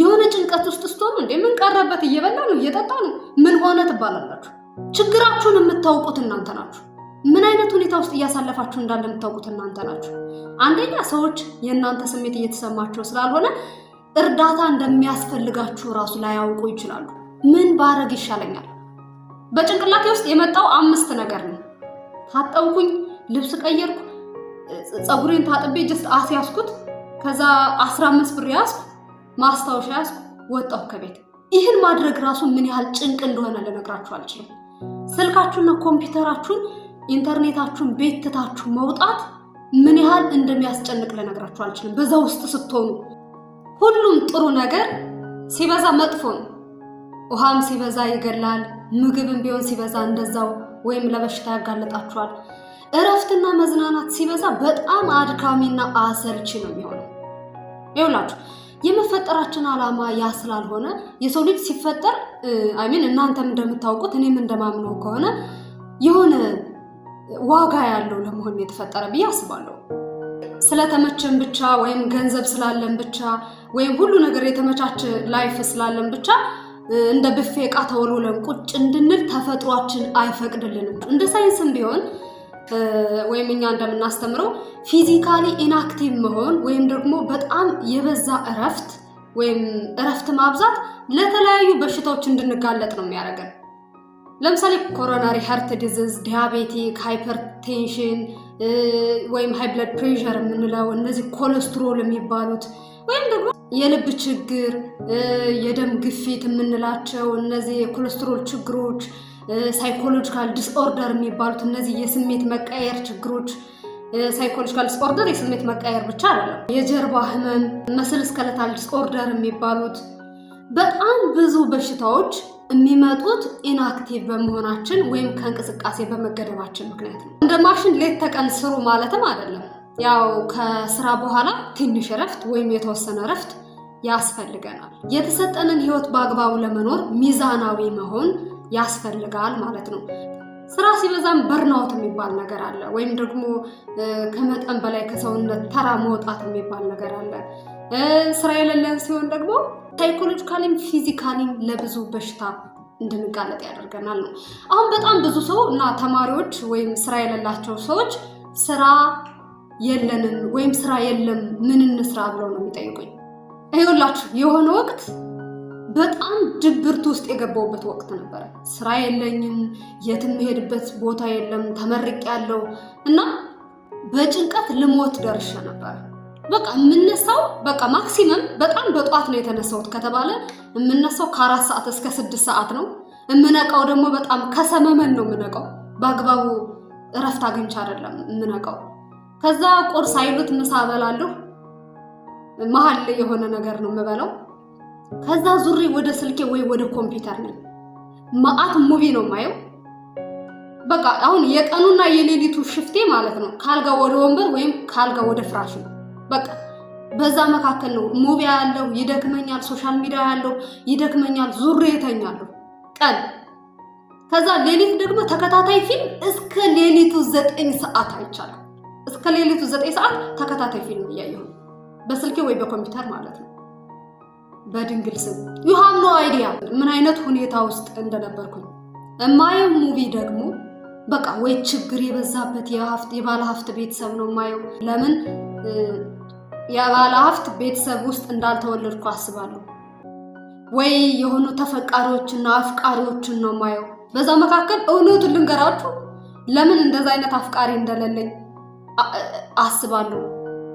የሆነ ጭንቀት ውስጥ ስትሆኑ እንዴ ምን ቀረበት እየበላ ነው እየጠጣ ነው ምን ሆነ ትባላላችሁ። ችግራችሁን የምታውቁት እናንተ ናችሁ። ምን አይነት ሁኔታ ውስጥ እያሳለፋችሁ እንዳለ የምታውቁት እናንተ ናችሁ። አንደኛ ሰዎች የእናንተ ስሜት እየተሰማቸው ስላልሆነ እርዳታ እንደሚያስፈልጋችሁ እራሱ ላያውቁ ይችላሉ። ምን ባረግ ይሻለኛል? በጭንቅላቴ ውስጥ የመጣው አምስት ነገር ነው። ታጠብኩኝ፣ ልብስ ቀየርኩ፣ ፀጉሬን ታጥቤ ጀስት አስያዝኩት፣ ከዛ አስራ አምስት ብር ያዝኩ ማስታወሻ ያዝኩ፣ ወጣሁ ከቤት። ይህን ማድረግ ራሱ ምን ያህል ጭንቅ እንደሆነ ልነግራችሁ አልችልም። ስልካችሁና ኮምፒውተራችሁን ኢንተርኔታችሁን ቤት ትታችሁ መውጣት ምን ያህል እንደሚያስጨንቅ ልነግራችሁ አልችልም። በዛ ውስጥ ስትሆኑ ሁሉም ጥሩ ነገር ሲበዛ መጥፎ ነው። ውሃም ሲበዛ ይገላል። ምግብም ቢሆን ሲበዛ እንደዛው ወይም ለበሽታ ያጋለጣችኋል። እረፍትና መዝናናት ሲበዛ በጣም አድካሚና አሰልቺ ነው የሚሆነው ይውላችሁ የመፈጠራችን ዓላማ ያ ስላልሆነ የሰው ልጅ ሲፈጠር አይሚን እናንተም እንደምታውቁት እኔም እንደማምነው ከሆነ የሆነ ዋጋ ያለው ለመሆን የተፈጠረ ብዬ አስባለሁ። ስለተመቸን ብቻ ወይም ገንዘብ ስላለን ብቻ ወይም ሁሉ ነገር የተመቻቸ ላይፍ ስላለን ብቻ እንደ ብፌ እቃ ተወልውለን ቁጭ እንድንል ተፈጥሯችን አይፈቅድልንም። እንደ ሳይንስም ቢሆን ወይም እኛ እንደምናስተምረው ፊዚካሊ ኢንአክቲቭ መሆን ወይም ደግሞ በጣም የበዛ እረፍት ወይም እረፍት ማብዛት ለተለያዩ በሽታዎች እንድንጋለጥ ነው የሚያደርገን። ለምሳሌ ኮሮናሪ ሀርት ዲዝዝ፣ ዲያቤቲክ፣ ሃይፐርቴንሽን ወይም ሃይ ብለድ የምንለው እነዚህ ኮለስትሮል የሚባሉት ወይም ደግሞ የልብ ችግር፣ የደም ግፊት የምንላቸው እነዚህ የኮለስትሮል ችግሮች ሳይኮሎጂካል ዲስኦርደር የሚባሉት እነዚህ የስሜት መቀየር ችግሮች ሳይኮሎጂካል ዲስኦርደር የስሜት መቀየር ብቻ አይደለም። የጀርባ ህመም፣ መስል ስከለታል ዲስኦርደር የሚባሉት በጣም ብዙ በሽታዎች የሚመጡት ኢንአክቲቭ በመሆናችን ወይም ከእንቅስቃሴ በመገደባችን ምክንያት ነው። እንደ ማሽን ሌት ተቀን ስሩ ማለትም አይደለም። ያው ከስራ በኋላ ትንሽ እረፍት ወይም የተወሰነ እረፍት ያስፈልገናል። የተሰጠንን ህይወት በአግባቡ ለመኖር ሚዛናዊ መሆን ያስፈልጋል ማለት ነው። ስራ ሲበዛም በርናውት የሚባል ነገር አለ፣ ወይም ደግሞ ከመጠን በላይ ከሰውነት ተራ መውጣት የሚባል ነገር አለ። ስራ የሌለን ሲሆን ደግሞ ሳይኮሎጂካሊም ፊዚካሊም ለብዙ በሽታ እንድንጋለጥ ያደርገናል ነው። አሁን በጣም ብዙ ሰው እና ተማሪዎች ወይም ስራ የሌላቸው ሰዎች ስራ የለንም ወይም ስራ የለም ምን እንስራ ብለው ነው የሚጠይቁኝ። ይኸውላችሁ የሆነ ወቅት በጣም ድብርት ውስጥ የገባውበት ወቅት ነበረ። ስራ የለኝም፣ የትም የምሄድበት ቦታ የለም፣ ያለው እና በጭንቀት ልሞት ደርሼ ነበረ። በቃ የምነሳው በቃ ማክሲመም በጣም በጧት ነው የተነሳሁት ከተባለ የምነሳው ከአራት ሰዓት እስከ ስድስት ሰዓት ነው። የምነቃው ደግሞ በጣም ከሰመመን ነው የምነቃው። በአግባቡ እረፍት አግኝቼ አይደለም የምነቃው። ከዛ ቁርስ አይሉት ምሳ እበላለሁ። መሀል የሆነ ነገር ነው የምበላው ከዛ ዙሬ ወደ ስልኬ ወይ ወደ ኮምፒውተር ነኝ። ማአት ሙቪ ነው ማየው። በቃ አሁን የቀኑና የሌሊቱ ሽፍቴ ማለት ነው። ካልጋ ወደ ወንበር ወይም ካልጋ ወደ ፍራሽ ነው። በቃ በዛ መካከል ነው ሙቪ ያለው ይደክመኛል፣ ሶሻል ሚዲያ ያለው ይደክመኛል፣ ዙሬ የተኛለሁ ቀን። ከዛ ሌሊት ደግሞ ተከታታይ ፊልም እስከ ሌሊቱ ዘጠኝ ሰዓት አይቻልም። እስከ ሌሊቱ ዘጠኝ ሰዓት ተከታታይ ፊልም እያየሁ በስልኬ ወይ በኮምፒውተር ማለት ነው። በድንግል ስም ዩ ኖ አይዲያ ምን አይነት ሁኔታ ውስጥ እንደነበርኩኝ። እማየው ሙቪ ደግሞ በቃ ወይ ችግር የበዛበት የባለ ሀብት ቤተሰብ ነው የማየው። ለምን የባለ ሀብት ቤተሰብ ውስጥ እንዳልተወለድኩ አስባለሁ። ወይ የሆኑ ተፈቃሪዎችና አፍቃሪዎችን ነው የማየው። በዛ መካከል እውነቱን ልንገራችሁ፣ ለምን እንደዛ አይነት አፍቃሪ እንደሌለኝ አስባለሁ።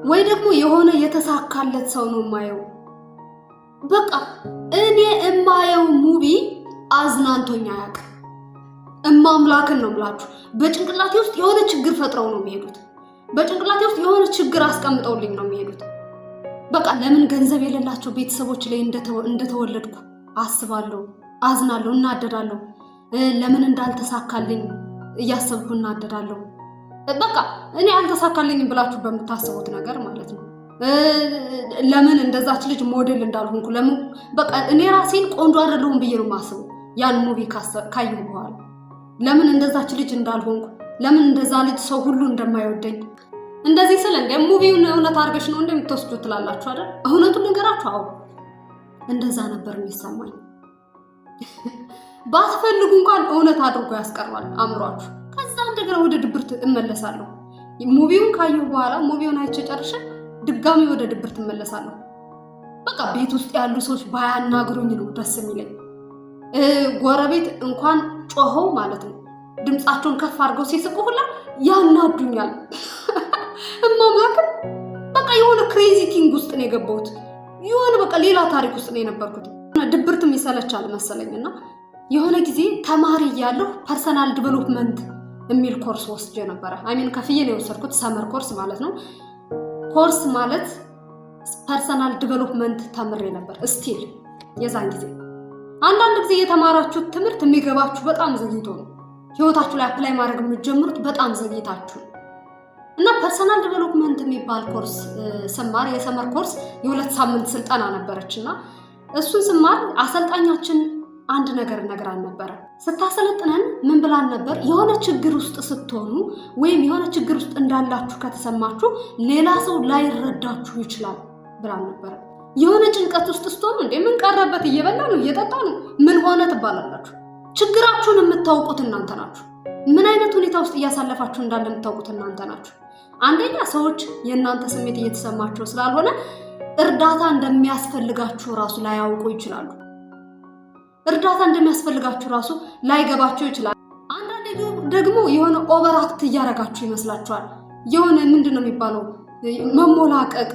ወይ ደግሞ የሆነ የተሳካለት ሰው ነው የማየው በቃ እኔ እማየው ሙቪ አዝናንቶኝ አያውቅም። እማምላክን ነው ብላችሁ በጭንቅላቴ ውስጥ የሆነ ችግር ፈጥረው ነው የሚሄዱት። በጭንቅላቴ ውስጥ የሆነ ችግር አስቀምጠውልኝ ነው የሚሄዱት። በቃ ለምን ገንዘብ የሌላቸው ቤተሰቦች ላይ እንደተወለድኩ አስባለሁ፣ አዝናለሁ፣ እናደዳለሁ። ለምን እንዳልተሳካልኝ እያሰብኩ እናደዳለሁ። በቃ እኔ አልተሳካልኝም ብላችሁ በምታስቡት ነገር ማለት ነው። ለምን እንደዛች ልጅ ሞዴል እንዳልሆንኩ ለምን በቃ እኔ ራሴን ቆንጆ አይደለሁም ብዬ ነው የማስበው። ያን ሙቪ ካየሁ በኋላ ለምን እንደዛች ልጅ እንዳልሆንኩ ለምን እንደዛ ልጅ ሰው ሁሉ እንደማይወደኝ እንደዚህ ስለ እንደ ሙቪውን እውነት አድርገሽ ነው እንደምትወስዱ ትላላችሁ አይደል? እውነቱን ነገራችሁ። አዎ እንደዛ ነበር የሚሰማኝ። ባትፈልጉ እንኳን እውነት አድርጎ ያስቀርባል አእምሯችሁ። ከዛ እንደገና ወደ ድብርት እመለሳለሁ። ሙቪውን ካየሁ በኋላ ሙቪውን አይቼ ጨርሼ ድጋሚ ወደ ድብር ትመለሳለሁ። በቃ ቤት ውስጥ ያሉ ሰዎች ባያናግሩኝ ነው ደስ የሚለኝ። ጎረቤት እንኳን ጮኸው ማለት ነው ድምፃቸውን ከፍ አድርገው ሲስቁ ሁላ ያናዱኛል። እማምላክን በቃ የሆነ ክሬዚ ኪንግ ውስጥ ነው የገባሁት። የሆነ በቃ ሌላ ታሪክ ውስጥ ነው የነበርኩት። ድብርትም ይሰለቻል መሰለኝ እና የሆነ ጊዜ ተማሪ እያለሁ ፐርሰናል ዲቨሎፕመንት የሚል ኮርስ ወስጄ ነበረ። አይሚን ከፍዬ ነው የወሰድኩት፣ ሰመር ኮርስ ማለት ነው። ኮርስ ማለት ፐርሰናል ዲቨሎፕመንት ተምሬ ነበር። ስቲል የዛን ጊዜ አንዳንድ ጊዜ የተማራችሁት ትምህርት የሚገባችሁ በጣም ዘግይቶ ነው። ህይወታችሁ ላይ አፕላይ ማድረግ የምትጀምሩት በጣም ዘግይታችሁ እና ፐርሰናል ዲቨሎፕመንት የሚባል ኮርስ ስማር የሰመር ኮርስ የሁለት ሳምንት ስልጠና ነበረች እና እሱን ስማር አሰልጣኛችን አንድ ነገር ነግራን ነበረ ስታሰለጥነን ምን ብላን ነበር? የሆነ ችግር ውስጥ ስትሆኑ ወይም የሆነ ችግር ውስጥ እንዳላችሁ ከተሰማችሁ ሌላ ሰው ላይረዳችሁ ይችላል ብላን ነበር። የሆነ ጭንቀት ውስጥ ስትሆኑ እንዴ ምን ቀረበት፣ እየበላ ነው፣ እየጠጣ ነው፣ ምን ሆነ ትባላላችሁ። ችግራችሁን የምታውቁት እናንተ ናችሁ። ምን አይነት ሁኔታ ውስጥ እያሳለፋችሁ እንዳለ የምታውቁት እናንተ ናችሁ። አንደኛ ሰዎች የእናንተ ስሜት እየተሰማቸው ስላልሆነ እርዳታ እንደሚያስፈልጋችሁ እራሱ ላያውቁ ይችላሉ። እርዳታ እንደሚያስፈልጋችሁ ራሱ ላይገባችሁ ይችላል። አንዳንዴ ደግሞ የሆነ ኦቨር አክት እያደረጋችሁ ይመስላችኋል። የሆነ ምንድን ነው የሚባለው መሞላቀቅ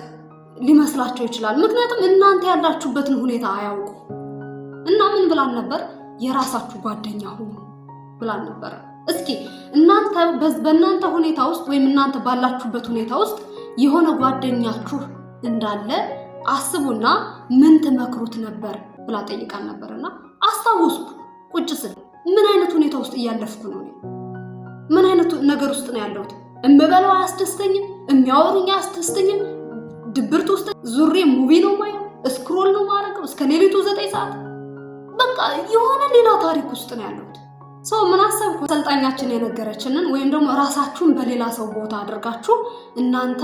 ሊመስላቸው ይችላል። ምክንያቱም እናንተ ያላችሁበትን ሁኔታ አያውቁ እና ምን ብላን ነበር? የራሳችሁ ጓደኛ ሁኑ ብላን ነበር። እስኪ እናንተ በእናንተ ሁኔታ ውስጥ ወይም እናንተ ባላችሁበት ሁኔታ ውስጥ የሆነ ጓደኛችሁ እንዳለ አስቡና ምን ትመክሩት ነበር ብላ ጠይቃን ነበርና አስታወስኩ። ቁጭ ስል ምን አይነት ሁኔታ ውስጥ እያለፍኩ ነው? ምን አይነት ነገር ውስጥ ነው ያለሁት? እምበላው አያስደስተኝም፣ የሚያወሩኝ አያስደስተኝም። ድብርት ውስጥ ዙሬ ሙቪ ነው ማየው፣ ስክሮል ነው ማድረገው እስከ ሌሊቱ ዘጠኝ ሰዓት። በቃ የሆነ ሌላ ታሪክ ውስጥ ነው ያለሁት። ሰው ምን አሰብኩ? አሰልጣኛችን የነገረችንን ወይም ደግሞ ራሳችሁን በሌላ ሰው ቦታ አድርጋችሁ እናንተ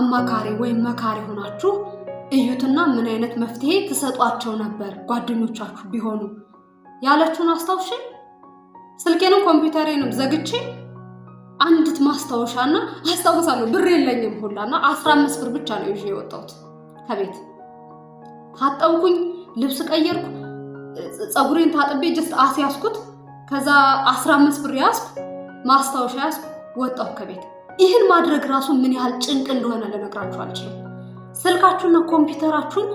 አማካሪ ወይም መካሪ ሆናችሁ እዩትና ምን አይነት መፍትሄ ትሰጧቸው ነበር ጓደኞቻችሁ ቢሆኑ ያለችውን አስታውሽ። ስልኬንም ኮምፒውተሬንም ዘግቼ አንዲት ማስታወሻና አስታውሳለሁ። ብር የለኝም ሁላና አስራ አምስት ብር ብቻ ነው ይዤ የወጣሁት ከቤት። ታጠብኩኝ፣ ልብስ ቀየርኩ፣ ፀጉሬን ታጥቤ ጀስት አስያዝኩት። ከዛ አስራ አምስት ብር ያዝኩ፣ ማስታወሻ ያዝኩ፣ ወጣሁ ከቤት። ይህን ማድረግ ራሱ ምን ያህል ጭንቅ እንደሆነ ልነግራችሁ አልችልም። ስልካችሁና ኮምፒውተራችሁን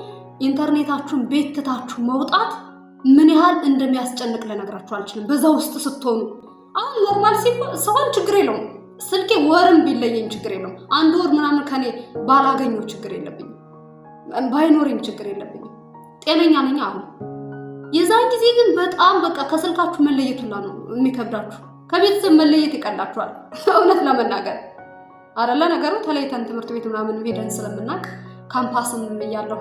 ኢንተርኔታችሁን ቤት ትታችሁ መውጣት ምን ያህል እንደሚያስጨንቅ ልነግራችሁ አልችልም። በዛ ውስጥ ስትሆኑ አሁን ኖርማል ሲሆን ችግር የለውም። ስልኬ ወርም ቢለየኝ ችግር የለውም። አንድ ወር ምናምን ከኔ ባላገኘው ችግር የለብኝም፣ ባይኖረኝ ችግር የለብኝም። ጤነኛ ነኝ አሁን። የዛን ጊዜ ግን በጣም በቃ ከስልካችሁ መለየቱላ ነው የሚከብዳችሁ። ከቤተሰብ መለየት ይቀላችኋል እውነት ለመናገር አረለ ነገሩ ተለይተን ትምህርት ቤት ምናምን ሄደን ስለምናቅ ካምፓስም እያለሁ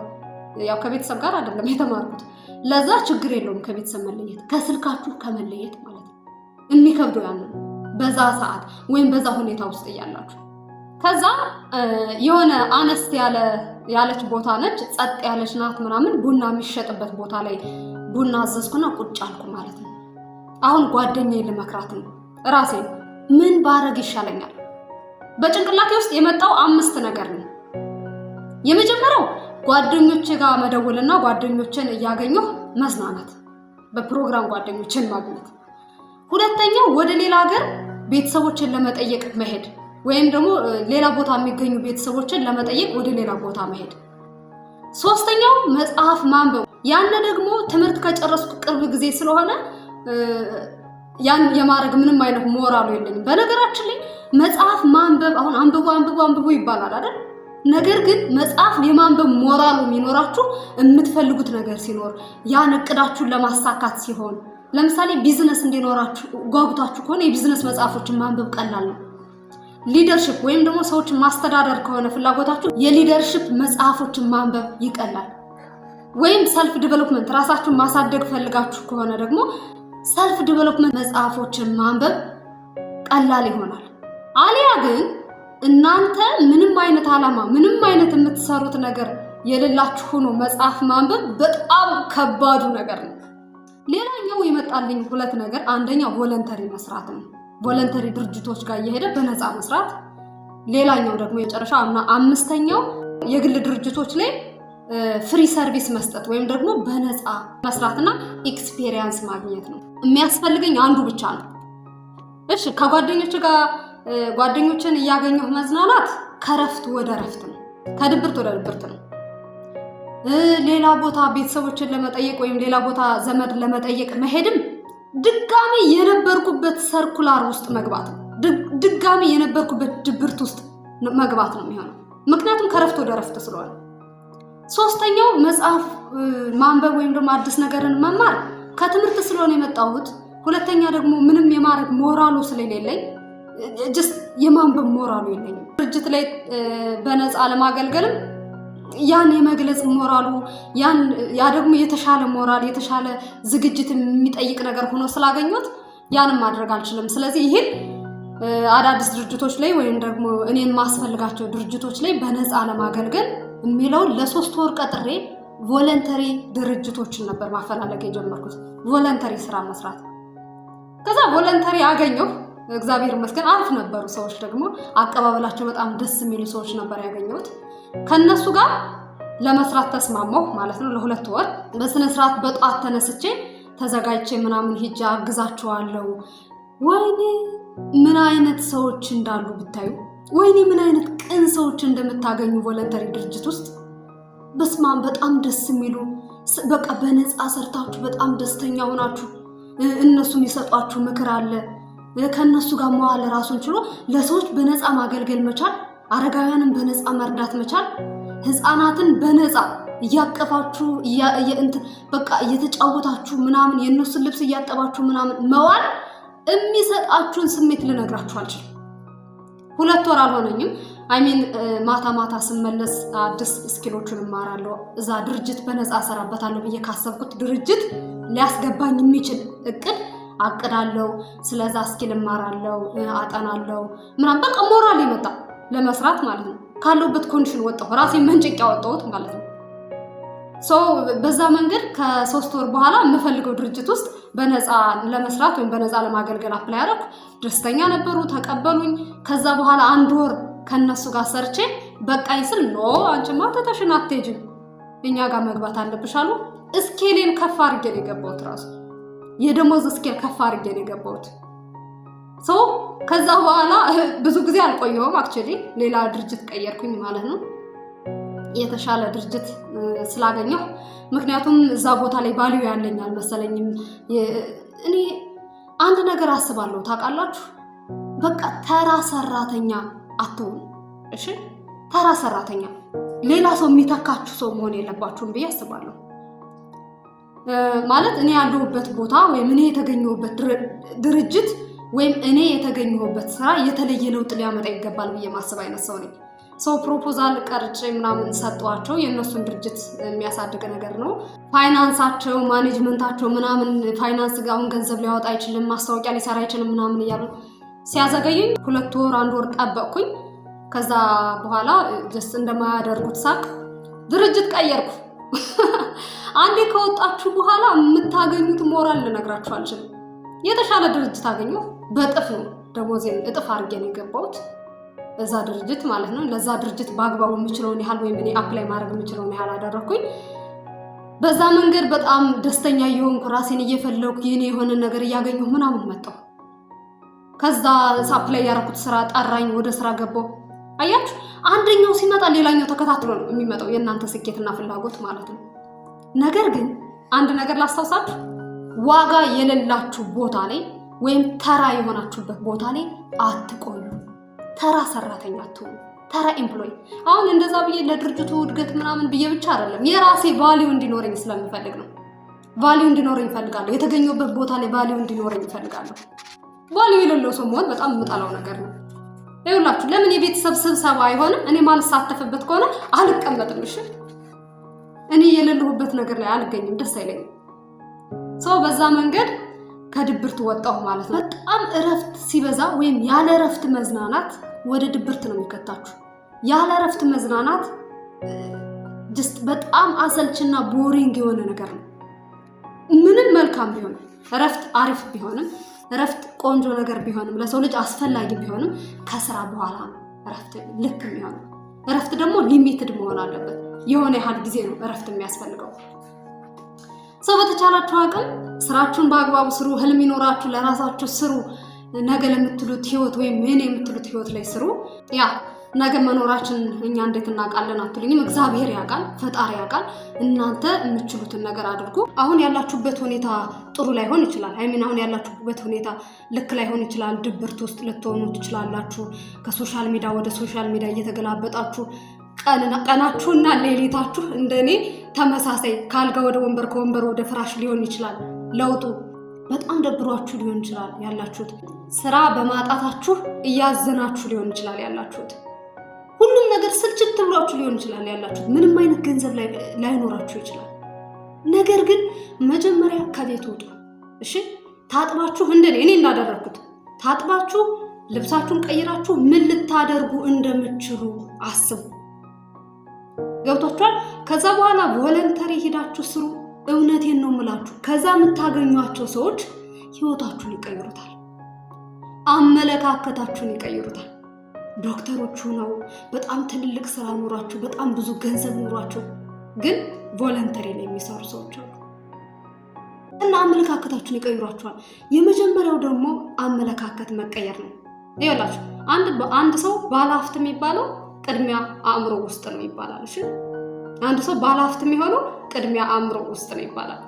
ያው ከቤተሰብ ጋር አይደለም የተማርኩት። ለዛ ችግር የለውም ከቤተሰብ መለየት፣ ከስልካችሁ ከመለየት ማለት ነው። የሚከብደው ያን በዛ ሰዓት ወይም በዛ ሁኔታ ውስጥ እያላችሁ ከዛ የሆነ አነስት ያለች ቦታ ነች፣ ጸጥ ያለች ናት ምናምን ቡና የሚሸጥበት ቦታ ላይ ቡና አዘዝኩና ቁጭ አልኩ ማለት ነው። አሁን ጓደኛዬን ልመክራት ነው ራሴ ምን ባረግ ይሻለኛል? በጭንቅላቴ ውስጥ የመጣው አምስት ነገር ነው። የመጀመሪያው ጓደኞቼ ጋር መደወልና ጓደኞችን እያገኘሁ መዝናናት፣ በፕሮግራም ጓደኞችን ማግኘት። ሁለተኛው ወደ ሌላ ሀገር ቤተሰቦችን ለመጠየቅ መሄድ ወይም ደግሞ ሌላ ቦታ የሚገኙ ቤተሰቦችን ለመጠየቅ ወደ ሌላ ቦታ መሄድ። ሶስተኛው መጽሐፍ ማንበብ፣ ያን ደግሞ ትምህርት ከጨረስኩ ቅርብ ጊዜ ስለሆነ ያን የማድረግ ምንም አይነት ሞራሉ የለኝም። በነገራችን ላይ መጽሐፍ ማንበብ አሁን አንብቦ አንብቦ አንብቦ ይባላል አይደል ነገር ግን መጽሐፍ የማንበብ ሞራሉ የሚኖራችሁ የምትፈልጉት ነገር ሲኖር ያን እቅዳችሁን ለማሳካት ሲሆን፣ ለምሳሌ ቢዝነስ እንዲኖራችሁ ጓጉታችሁ ከሆነ የቢዝነስ መጽሐፎችን ማንበብ ቀላል ነው። ሊደርሽፕ ወይም ደግሞ ሰዎችን ማስተዳደር ከሆነ ፍላጎታችሁ የሊደርሽፕ መጽሐፎችን ማንበብ ይቀላል። ወይም ሰልፍ ዲቨሎፕመንት ራሳችሁን ማሳደግ ፈልጋችሁ ከሆነ ደግሞ ሰልፍ ዲቨሎፕመንት መጽሐፎችን ማንበብ ቀላል ይሆናል። አሊያ ግን እናንተ ምንም አይነት ዓላማ ምንም አይነት የምትሰሩት ነገር የሌላችሁ ሆኖ መጽሐፍ ማንበብ በጣም ከባዱ ነገር ነው። ሌላኛው የመጣልኝ ሁለት ነገር፣ አንደኛው ቮለንተሪ መስራት ነው። ቮለንተሪ ድርጅቶች ጋር እየሄደ በነፃ መስራት። ሌላኛው ደግሞ የመጨረሻ እና አምስተኛው የግል ድርጅቶች ላይ ፍሪ ሰርቪስ መስጠት ወይም ደግሞ በነፃ መስራትና ኤክስፔሪየንስ ማግኘት ነው። የሚያስፈልገኝ አንዱ ብቻ ነው። እሺ ከጓደኞች ጋር ጓደኞችን እያገኘሁ መዝናናት ከረፍት ወደ ረፍት ነው፣ ከድብርት ወደ ድብርት ነው። ሌላ ቦታ ቤተሰቦችን ለመጠየቅ ወይም ሌላ ቦታ ዘመድ ለመጠየቅ መሄድም ድጋሚ የነበርኩበት ሰርኩላር ውስጥ መግባት ነው። ድጋሚ የነበርኩበት ድብርት ውስጥ መግባት ነው የሚሆነው፣ ምክንያቱም ከረፍት ወደ ረፍት ስለሆነ። ሶስተኛው መጽሐፍ ማንበብ ወይም ደግሞ አዲስ ነገርን መማር ከትምህርት ስለሆነ የመጣሁት ሁለተኛ ደግሞ ምንም የማድረግ ሞራሉ ስለሌለኝ ጀስት የማንበብ ሞራሉ የለኝም። ድርጅት ላይ በነፃ ለማገልገልም ያን የመግለጽ ሞራሉ ያን ያ ደግሞ የተሻለ ሞራል የተሻለ ዝግጅት የሚጠይቅ ነገር ሆኖ ስላገኙት ያንም ማድረግ አልችልም። ስለዚህ ይህን አዳዲስ ድርጅቶች ላይ ወይም ደግሞ እኔን ማስፈልጋቸው ድርጅቶች ላይ በነፃ ለማገልገል የሚለውን ለሶስት ወር ቀጥሬ ቮለንተሪ ድርጅቶችን ነበር ማፈላለግ የጀመርኩት፣ ቮለንተሪ ስራ መስራት። ከዛ ቮለንተሪ አገኘሁ። እግዚአብሔር ይመስገን አሪፍ ነበሩ። ሰዎች ደግሞ አቀባበላቸው በጣም ደስ የሚሉ ሰዎች ነበር ያገኘሁት። ከነሱ ጋር ለመስራት ተስማማሁ ማለት ነው። ለሁለት ወር በስነ ስርዓት በጧት ተነስቼ ተዘጋጅቼ ምናምን ሂጄ አግዛቸዋለሁ። ወይኔ ምን አይነት ሰዎች እንዳሉ ብታዩ! ወይኔ ምን አይነት ቅን ሰዎች እንደምታገኙ ቮለንተሪ ድርጅት ውስጥ በስማም በጣም ደስ የሚሉ በቃ በነፃ ሰርታችሁ በጣም ደስተኛ ሆናችሁ እነሱም ይሰጧችሁ ምክር አለ ከእነሱ ጋር መዋል ራሱን ችሎ ለሰዎች በነፃ ማገልገል መቻል፣ አረጋውያንን በነፃ መርዳት መቻል፣ ህፃናትን በነፃ እያቀፋችሁ በቃ እየተጫወታችሁ ምናምን የእነሱን ልብስ እያጠባችሁ ምናምን መዋል የሚሰጣችሁን ስሜት ልነግራችሁ አልችልም። ሁለት ወር አልሆነኝም። አይሚን ማታ ማታ ስመለስ አዲስ ስኪሎችን እማራለሁ። እዛ ድርጅት በነፃ እሰራበታለሁ ብዬ ካሰብኩት ድርጅት ሊያስገባኝ የሚችል እቅድ አቅዳለው፣ ስለዛ ስኪል እማራለው፣ አጠናለው ምናምን በቃ ሞራል ይመጣ ለመስራት ማለት ነው። ካለውበት ኮንዲሽን ወጣሁ፣ ራሴ መንጭቅ ወጣሁት ማለት ነው። ሰው በዛ መንገድ ከሶስት ወር በኋላ የምፈልገው ድርጅት ውስጥ በነፃ ለመስራት ወይም በነፃ ለማገልገል አፕላይ አደረኩ። ደስተኛ ነበሩ፣ ተቀበሉኝ። ከዛ በኋላ አንድ ወር ከነሱ ጋር ሰርቼ በቃኝ ስል ኖ አንቺማ ተተሽን አትሄጂም፣ እኛ ጋር መግባት አለብሽ አሉ። እስኬሌን ከፍ አድርጌ የገባሁት ራሱ የደሞዝ እስኬል ከፍ አድርጌ ነው የገባሁት። ሰው ከዛ በኋላ ብዙ ጊዜ አልቆየውም። አክቹዋሊ ሌላ ድርጅት ቀየርኩኝ ማለት ነው የተሻለ ድርጅት ስላገኘሁ። ምክንያቱም እዛ ቦታ ላይ ባሊዩ ያለኝ አልመሰለኝም። እኔ አንድ ነገር አስባለሁ ታውቃላችሁ፣ በቃ ተራ ሰራተኛ አትሆኑ። እሺ፣ ተራ ሰራተኛ ሌላ ሰው የሚተካችሁ ሰው መሆን የለባችሁም ብዬ አስባለሁ። ማለት እኔ ያለሁበት ቦታ ወይም እኔ የተገኘሁበት ድርጅት ወይም እኔ የተገኘሁበት ስራ የተለየ ለውጥ ሊያመጣ ይገባል ብዬ ማሰብ አይነት ሰው ነኝ። ሰው ፕሮፖዛል ቀርጬ ምናምን ሰጧቸው የእነሱን ድርጅት የሚያሳድግ ነገር ነው። ፋይናንሳቸው፣ ማኔጅመንታቸው ምናምን ፋይናንስ ጋር አሁን ገንዘብ ሊያወጣ አይችልም፣ ማስታወቂያ ሊሰራ አይችልም ምናምን እያሉ ሲያዘገዩኝ ሁለት ወር አንድ ወር ጠበቅኩኝ። ከዛ በኋላ ጀስት እንደማያደርጉት ሳቅ ድርጅት ቀየርኩ። አንዴ ከወጣችሁ በኋላ የምታገኙት ሞራል ልነግራችሁ አልችልም። የተሻለ ድርጅት አገኘሁ። በእጥፍ ነው ደሞዜን እጥፍ አድርጌ ነው የገባሁት እዛ ድርጅት ማለት ነው። ለዛ ድርጅት በአግባቡ የምችለውን ያህል ወይም እኔ አፕላይ ማድረግ የምችለውን ያህል አደረግኩኝ። በዛ መንገድ በጣም ደስተኛ የሆንኩ ራሴን እየፈለግኩ የኔ የሆነ ነገር እያገኘሁ ምናምን መጣሁ። ከዛ ሳፕላይ ያደረኩት ስራ ጠራኝ፣ ወደ ስራ ገባሁ። አያችሁ አንደኛው ሲመጣ ሌላኛው ተከታትሎ ነው የሚመጣው የእናንተ ስኬትና ፍላጎት ማለት ነው። ነገር ግን አንድ ነገር ላስታውሳችሁ፣ ዋጋ የሌላችሁ ቦታ ላይ ወይም ተራ የሆናችሁበት ቦታ ላይ አትቆዩ። ተራ ሰራተኛ አትሆኑ። ተራ ኤምፕሎይ አሁን እንደዛ ብዬ ለድርጅቱ እድገት ምናምን ብዬ ብቻ አይደለም፣ የራሴ ቫሊዩ እንዲኖረኝ ስለምፈልግ ነው። ቫሊዩ እንዲኖረኝ ይፈልጋለሁ። የተገኘበት ቦታ ላይ ቫሊዩ እንዲኖረኝ ይፈልጋለሁ። ቫሊዩ የሌለው ሰው መሆን በጣም የምጠላው ነገር ነው። ይኸውላችሁ ለምን የቤተሰብ ስብሰባ አይሆንም? እኔ ማልሳተፍበት ከሆነ አልቀመጥም። እሺ እኔ የሌለሁበት ነገር ላይ አልገኝም፣ ደስ አይለኝም። ሰው በዛ መንገድ ከድብርት ወጣሁ ማለት ነው። በጣም እረፍት ሲበዛ ወይም ያለ እረፍት መዝናናት ወደ ድብርት ነው የሚከታችሁ። ያለ እረፍት መዝናናት ጅስት በጣም አሰልችና ቦሪንግ የሆነ ነገር ነው። ምንም መልካም ቢሆንም እረፍት አሪፍ ቢሆንም እረፍት ቆንጆ ነገር ቢሆንም ለሰው ልጅ አስፈላጊ ቢሆንም ከስራ በኋላ ነው እረፍት ልክ የሚሆነው። እረፍት ደግሞ ሊሚትድ መሆን አለበት። የሆነ ያህል ጊዜ ነው እረፍት የሚያስፈልገው። ሰው በተቻላችሁ አቅም ስራችሁን በአግባቡ ስሩ። ህልም ይኖራችሁ ለራሳችሁ ስሩ። ነገ ለምትሉት ህይወት ወይም ምን የምትሉት ህይወት ላይ ስሩ ያ ነገ መኖራችን እኛ እንዴት እናውቃለን አትሉኝም። እግዚአብሔር ያውቃል፣ ፈጣሪ ያውቃል። እናንተ የምችሉትን ነገር አድርጉ። አሁን ያላችሁበት ሁኔታ ጥሩ ላይሆን ይችላል። አይሚን አሁን ያላችሁበት ሁኔታ ልክ ላይሆን ይችላል። ድብርት ውስጥ ልትሆኑ ትችላላችሁ። ከሶሻል ሚዲያ ወደ ሶሻል ሚዲያ እየተገላበጣችሁ ቀናችሁና ሌሊታችሁ እንደኔ ተመሳሳይ ከአልጋ ወደ ወንበር ከወንበር ወደ ፍራሽ ሊሆን ይችላል። ለውጡ በጣም ደብሯችሁ ሊሆን ይችላል ያላችሁት። ስራ በማጣታችሁ እያዘናችሁ ሊሆን ይችላል ያላችሁት። ሁሉም ነገር ስልችት ብሏችሁ ሊሆን ይችላል ያላችሁት፣ ምንም አይነት ገንዘብ ላይኖራችሁ ይችላል። ነገር ግን መጀመሪያ ከቤት ውጡ። እሺ፣ ታጥባችሁ እንደኔ እኔ እንዳደረግኩት ታጥባችሁ ልብሳችሁን ቀይራችሁ ምን ልታደርጉ እንደምችሉ አስቡ። ገብቷችኋል? ከዛ በኋላ ቮለንተሪ ሄዳችሁ ስሩ። እውነቴን ነው የምላችሁ። ከዛ የምታገኟቸው ሰዎች ህይወታችሁን ይቀይሩታል፣ አመለካከታችሁን ይቀይሩታል። ዶክተሮቹ ነው በጣም ትልልቅ ስራ ኑሯቸው በጣም ብዙ ገንዘብ ኑሯቸው ግን ቮለንተሪ ነው የሚሰሩ ሰዎች አሉ። እና አመለካከታችሁን ይቀይሯችኋል። የመጀመሪያው ደግሞ አመለካከት መቀየር ነው። ይኸውላችሁ አንድ ሰው ባለሀብት የሚባለው ቅድሚያ አእምሮ ውስጥ ነው ይባላል። እሺ አንድ ሰው ባለሀብት የሚሆነው ቅድሚያ አእምሮ ውስጥ ነው ይባላል።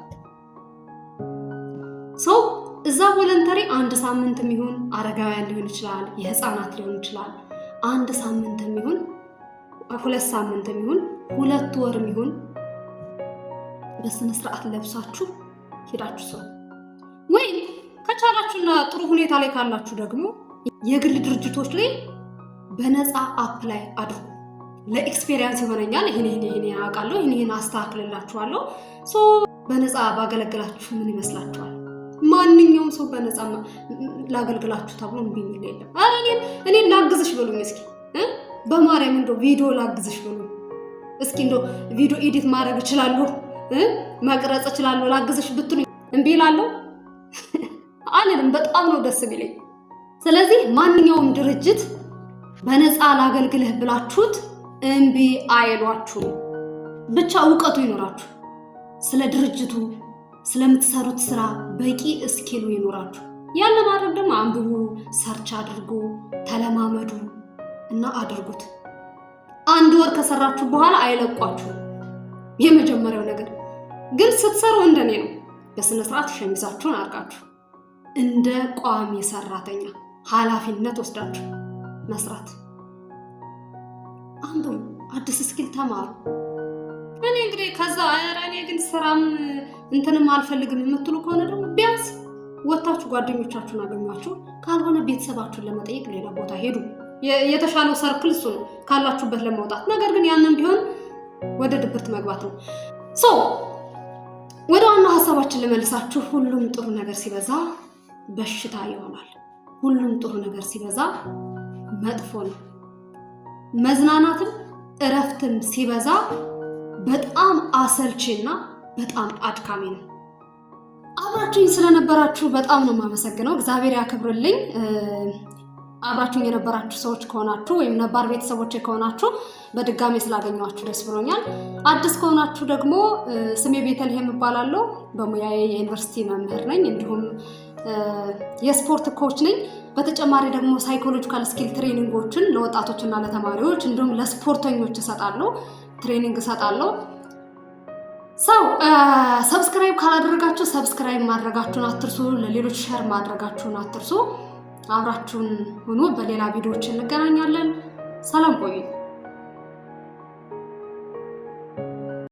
ሰው እዛ ቮለንተሪ አንድ ሳምንት የሚሆን አረጋውያን ሊሆን ይችላል፣ የህፃናት ሊሆን ይችላል አንድ ሳምንት የሚሆን ሁለት ሳምንት የሚሆን ሁለት ወር የሚሆን በስነ ስርዓት ለብሳችሁ ሄዳችሁ ሰው ወይ ከቻላችሁና ጥሩ ሁኔታ ላይ ካላችሁ ደግሞ የግል ድርጅቶች ላይ በነፃ አፕ ላይ አድርጉ። ለኤክስፔሪንስ ይሆነኛል፣ ይህን ይህን ይህን አውቃለሁ፣ ይህን ይህን አስተካክልላችኋለሁ። በነፃ ባገለግላችሁ ምን ይመስላችኋል? ማንኛውም ሰው በነፃ ላገልግላችሁ ተብሎ እምቢ የሚል የለም። ኧረ እኔን እኔን ላግዝሽ በሉኝ እስኪ በማርያም እንደው ቪዲዮ ላግዝሽ በሉኝ እስኪ እንደው ቪዲዮ ኤዲት ማድረግ እችላለሁ መቅረጽ እችላለሁ ላግዝሽ ብትሉኝ እምቢ እላለሁ አልልም። በጣም ነው ደስ የሚለኝ። ስለዚህ ማንኛውም ድርጅት በነፃ ላገልግልህ ብላችሁት እምቢ አይሏችሁ። ብቻ እውቀቱ ይኖራችሁ ስለ ድርጅቱ ስለምትሰሩት ስራ በቂ እስኪሉ ይኖራችሁ። ያን ለማድረግ ደግሞ አንብቡ፣ ሰርች አድርጉ፣ ተለማመዱ እና አድርጉት። አንድ ወር ከሰራችሁ በኋላ አይለቋችሁም። የመጀመሪያው ነገር ግን ስትሰሩ እንደኔ ነው፣ በስነ ስርዓት ሸሚዛችሁን አድርጋችሁ እንደ ቋሚ ሰራተኛ ኃላፊነት ወስዳችሁ መስራት። አንብቡ፣ አዲስ እስኪል ተማሩ። ከዛ እኔ ግን ስራም እንትንም አልፈልግም የምትሉ ከሆነ ደግሞ ቢያንስ ወታችሁ ጓደኞቻችሁን አገኟችሁ፣ ካልሆነ ቤተሰባችሁን ለመጠየቅ ሌላ ቦታ ሄዱ። የተሻለው ሰርክል እሱ ነው ካላችሁበት ለመውጣት። ነገር ግን ያንን ቢሆን ወደ ድብርት መግባት ነው። ሶ ወደ ዋና ሀሳባችን ልመልሳችሁ። ሁሉም ጥሩ ነገር ሲበዛ በሽታ ይሆናል። ሁሉም ጥሩ ነገር ሲበዛ መጥፎ ነው። መዝናናትም እረፍትም ሲበዛ በጣም አሰልቺና በጣም አድካሚ ነው። አብራችሁኝ ስለነበራችሁ በጣም ነው የማመሰግነው። እግዚአብሔር ያክብርልኝ። አብራችሁኝ የነበራችሁ ሰዎች ከሆናችሁ ወይም ነባር ቤተሰቦች ከሆናችሁ በድጋሚ ስላገኘኋችሁ ደስ ብሎኛል። አዲስ ከሆናችሁ ደግሞ ስሜ ቤተልሔም እባላለሁ። በሙያዬ የዩኒቨርሲቲ መምህር ነኝ፣ እንዲሁም የስፖርት ኮች ነኝ። በተጨማሪ ደግሞ ሳይኮሎጂካል ስኪል ትሬኒንጎችን ለወጣቶችና ለተማሪዎች እንዲሁም ለስፖርተኞች እሰጣለሁ። ትሬኒንግ እሰጣለሁ። ሰው ሰብስክራይብ ካላደረጋችሁ ሰብስክራይብ ማድረጋችሁን አትርሱ። ለሌሎች ሸር ማድረጋችሁን አትርሱ። አብራችሁን ሁኑ። በሌላ ቪዲዮዎች እንገናኛለን። ሰላም ቆዩ።